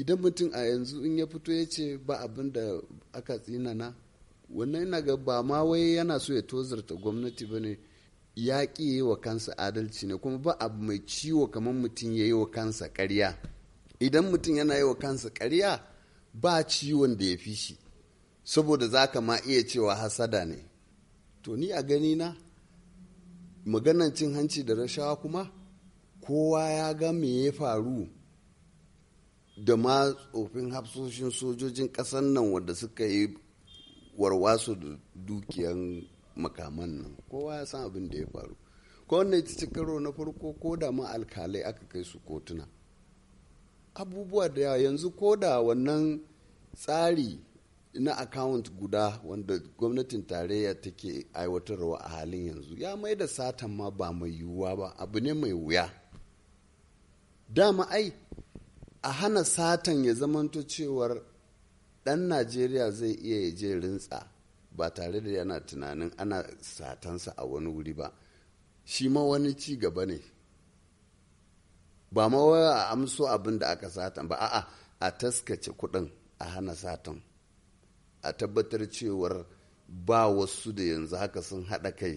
idan mutum a yanzu in ya fito ya ce ba abin da aka tsinana wannan yana ga ba ma wai yana so ya tozarta gwamnati ba ne ya ƙi yi wa kansa adalci ne kuma ba abu mai ciwo kamar mutum ya yi wa kansa ƙarya idan mutum yana yi wa kansa ƙarya ba ciwon da ya fi shi saboda za ka ma iya cewa hasada ne to ni a gani na maganan cin hanci da rashawa kuma kowa ya ga me ya faru da ma tsofin hafsoshin sojojin ƙasar nan wanda suka yi warwaso da dukiyan makaman nan kowa ya san abin da ya faru ko wannan karo na farko ko da ma alkalai aka kai su kotuna abubuwa da yawa yanzu ko da wannan tsari na account guda wanda gwamnatin tarayya take aiwatarwa a halin yanzu ya mai da satan ma ba mai yiwuwa ba abu ne mai wuya dama ai a hana satan ya zamanto cewar ɗan najeriya zai iya ya je rintsa ba tare da yana tunanin ana satansa a wani wuri ba shi ma wani ci gaba ne ba ma a amso abin da aka satan ba a'a a taskace kuɗin a hana satan a tabbatar cewar ba wasu da yanzu haka sun haɗa kai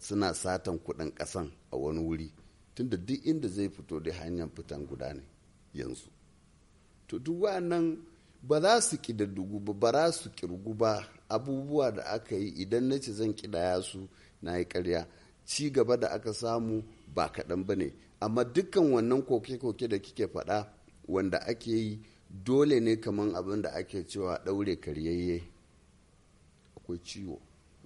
suna satan kuɗin ƙasan a wani wuri tunda duk inda zai fito da hanyar fitan guda ne yanzu to duk wa'annan ba za su ƙidaddugu ba ba za su ƙirgu ba abubuwa da aka yi idan na ce zan ƙidaya su na yi karya ci gaba da aka samu ba kaɗan ba ne amma dukkan wannan koke-koke da kike faɗa wanda ake yi dole ne kamar abin da ake cewa ɗaure karyayye akwai ciwo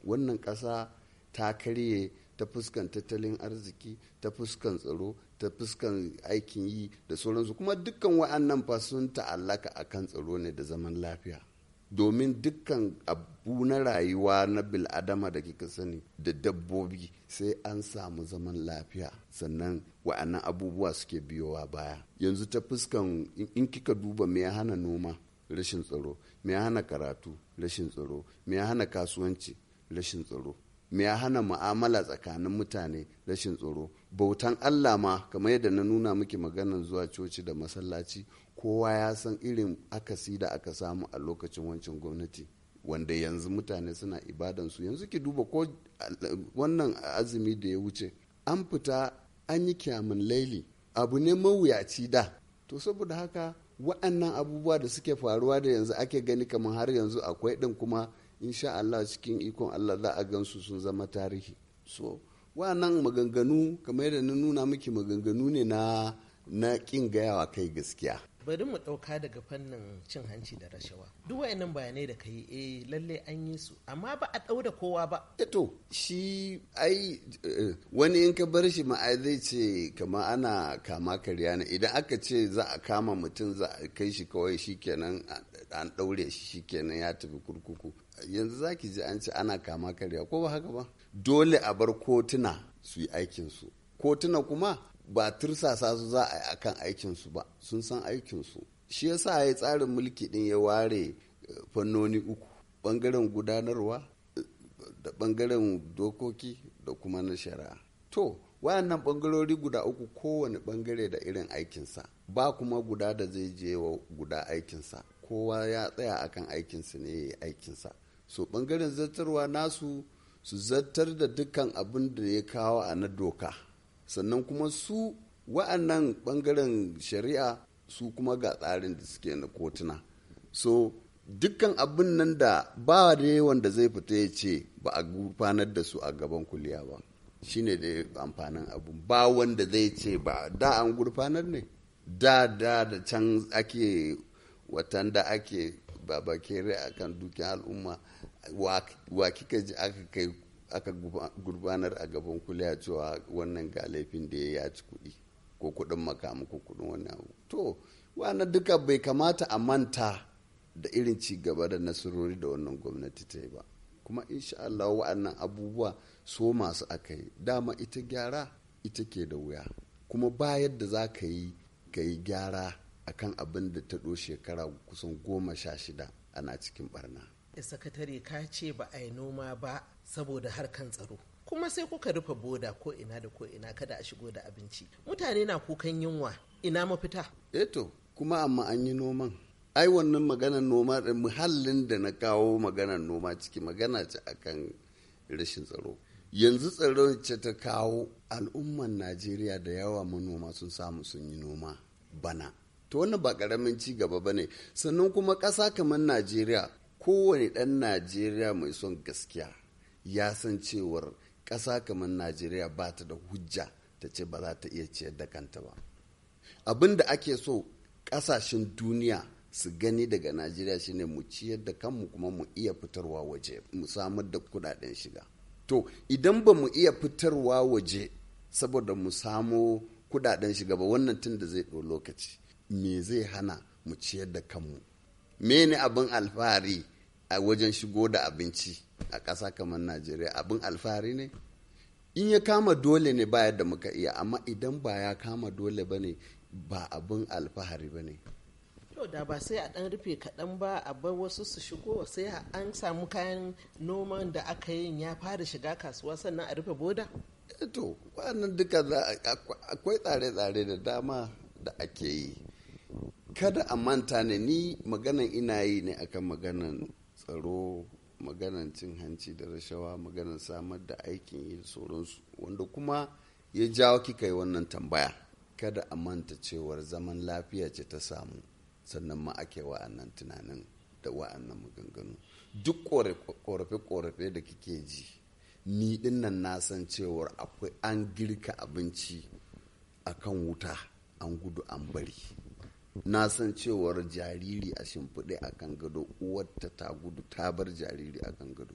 wannan ƙasa ta karye ta fuskan tattalin arziki ta fuskan tsaro ta fuskan aikin yi da sauransu kuma dukkan wa'annan fa sun ta'allaka kan tsaro ne da zaman lafiya domin dukkan abu na rayuwa na bil'adama da kika sani da dabbobi sai an samu zaman lafiya sannan wa'annan abubuwa suke biyowa baya yanzu ta fuskan in kika duba me ya hana noma rashin tsaro me ya hana karatu rashin tsaro me ya hana kasuwanci rashin tsaro me ya hana mu'amala tsakanin mutane rashin tsoro bautan allah ma kamar yadda na nuna miki maganan zuwa coci da masallaci kowa ya san irin akasi da aka samu a lokacin wancan gwamnati wanda yanzu mutane suna su yanzu ki duba ko wannan azumi da ya wuce an fita an yi kyamin laili abu ne mawuyaci da to saboda haka wa'annan abubuwa da suke faruwa da yanzu ake gani kamar har yanzu akwai ɗan kuma insha Allah cikin ikon Allah za a gansu sun zama tarihi so nan maganganu kamar yadda na nuna miki maganganu ne na na kin gayawa kai gaskiya bari mu ɗauka daga fannin cin hanci da rashawa duk wayannan bayanai da ka yi eh lalle an yi su amma ba a da kowa ba eto eh shi ai eh, wani in ka bar shi ma zai ce kama ana kama karya ne idan aka ce za a kama mutum za a kai shi kawai shikenan an ɗaure shi shikenan ya tafi kurkuku yanzu za ki ji an ce ana kama karya ko ba haka ba dole a bar kotuna su yi aikinsu kotuna kuma ba tursasa su za a yi akan aikinsu ba sun san aikinsu shi yasa ya tsarin mulki din ya ware eh, fannoni uku bangaren gudanarwa da bangaren dokoki da kuma na shari'a to wayannan bangarori guda uku kowane bangare da irin aikinsa ba kuma guda da zai je wa guda aikinsa kowa ya tsaya akan aikinsa ne ya yi aikinsa so bangaren zartarwa nasu su zartar da dukkan abin da ya kawo a na doka sannan kuma su wa'annan bangaren shari'a su kuma ga tsarin da suke na kotuna so dukkan abin nan da ba da wanda zai fita ya ce ba a gurfanar da su a gaban kuliya ba shine da amfanin abu ba wanda zai ce ba da an gurfanar ne da da da can ake watan da ake baba a kan dukiyar al'umma wa kika ji aka kai aka gurbanar a gaban kuliya cewa wannan ga laifin da ya yaci kuɗi ko kuɗin makamu ko kuɗin wani abu to wannan duka bai kamata a manta da irin ci gaba da nasarori da wannan gwamnati ta yi ba kuma insha Allah wa'annan abubuwa so masu aka yi dama ita gyara ita ke da wuya kuma bayar da za ka yi ka yi gyara akan abin da ta ɗo shekara kusan goma sha shida ana cikin barna. sakatare ka ce ba a yi noma ba saboda harkan tsaro kuma sai kuka rufe boda ko ina da ko ina kada a shigo da abinci mutane na kukan yunwa ina mafita eto eh kuma amma an yi noman ai wannan maganar noma da muhallin da na kawo maganar noma ciki magana ce akan rashin tsaro yanzu tsaro ce ta kawo al'umman najeriya da yawa manoma sun samu sun yi noma bana to wannan ba karamin ci gaba ba ne sannan kuma ƙasa kamar najeriya kowane ɗan najeriya mai son gaskiya ya san cewar ƙasa kamar najeriya ba ta da hujja ta ce ba za ta iya ciyar da kanta ba abin da ake so ƙasashen duniya su gani daga najeriya shine mu ciyar da kanmu kuma mu iya fitarwa waje mu samar da kudaden shiga to idan ba mu iya fitarwa waje saboda mu samo kudaden shiga ba wannan tun da zai ɗau lokaci me zai hana mu ciyar da kanmu mene abin alfahari a wajen shigo da abinci a ƙasa kamar najeriya abin alfahari ne in ya kama dole ne ba da muka iya amma idan ba ya kama dole ba ne ba abin alfahari ba ne da ba sai a ɗan rufe kaɗan ba a bar wasu su shigo sai an samu kayan noman da aka yin ya fara shiga kasuwa sannan a rufe boda? Eh to wannan duka akwai tsare-tsare da dama da ake yi kada a manta ne ni maganan ina yi ne akan maganan tsaro maganan cin hanci da rashawa maganan samar da aikin yi sauransu wanda kuma ya jawo kika yi wannan tambaya kada a manta cewar zaman lafiya ce ta samu sannan ma ake wa'annan tunanin da wa'annan maganganu duk ƙorafe korafe da kike ji ni nan na san cewar akwai an girka abinci akan wuta an gudu an bari na san cewar jariri a shimfiɗe a kan gado uwarta ta gudu ta bar jariri a kan gado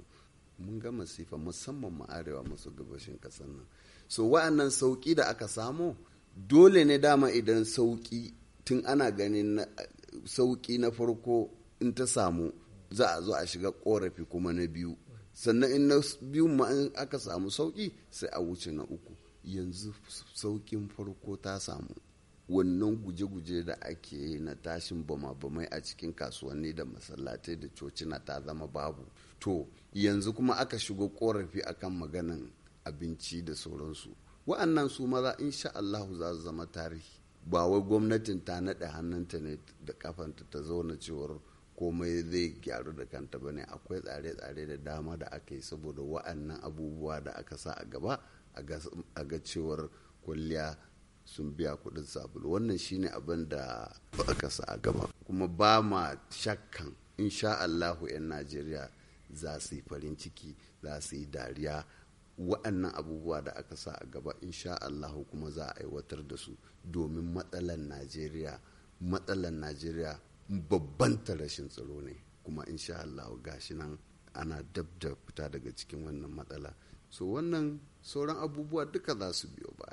mun ga masifa musamman ma arewa maso gabashin ƙasar nan so wa'annan sauƙi da aka samu dole ne dama idan sauƙi tun ana ganin sauƙi na farko in ta samu za a zo a shiga ƙorafi kuma na biyu sannan in na biyu ma aka samu sauƙi sai a wuce na uku yanzu sauƙin farko ta samu wannan guje-guje da ake yi na tashin bama-bamai a cikin kasuwanni da masallatai da cocina ta zama babu to yanzu kuma aka shigo korafi kan maganan abinci da sauransu wa'annan su maza insha Allahu za su zama tarihi ba wai gwamnatin ta naɗe hannunta ne da kafanta ta zauna cewar komai zai gyaru da kanta ba ne akwai tsare-tsare da dama da aka yi saboda wa'annan abubuwa da aka sa a gaba a ga cewar kwalliya sun biya kuɗin sabulu wannan shine abin da aka sa a gaba kuma ba ma shakkan insha Allahu 'yan Najeriya za su yi farin ciki za su yi dariya wa'annan abubuwa da aka sa a gaba insha Allahu kuma za a aiwatar da su domin matsalan Najeriya matsalan Najeriya babban ta rashin tsaro ne kuma insha Allahu gashi nan ana dab da fita daga cikin wannan matsala so wannan sauran abubuwa duka za su biyo ba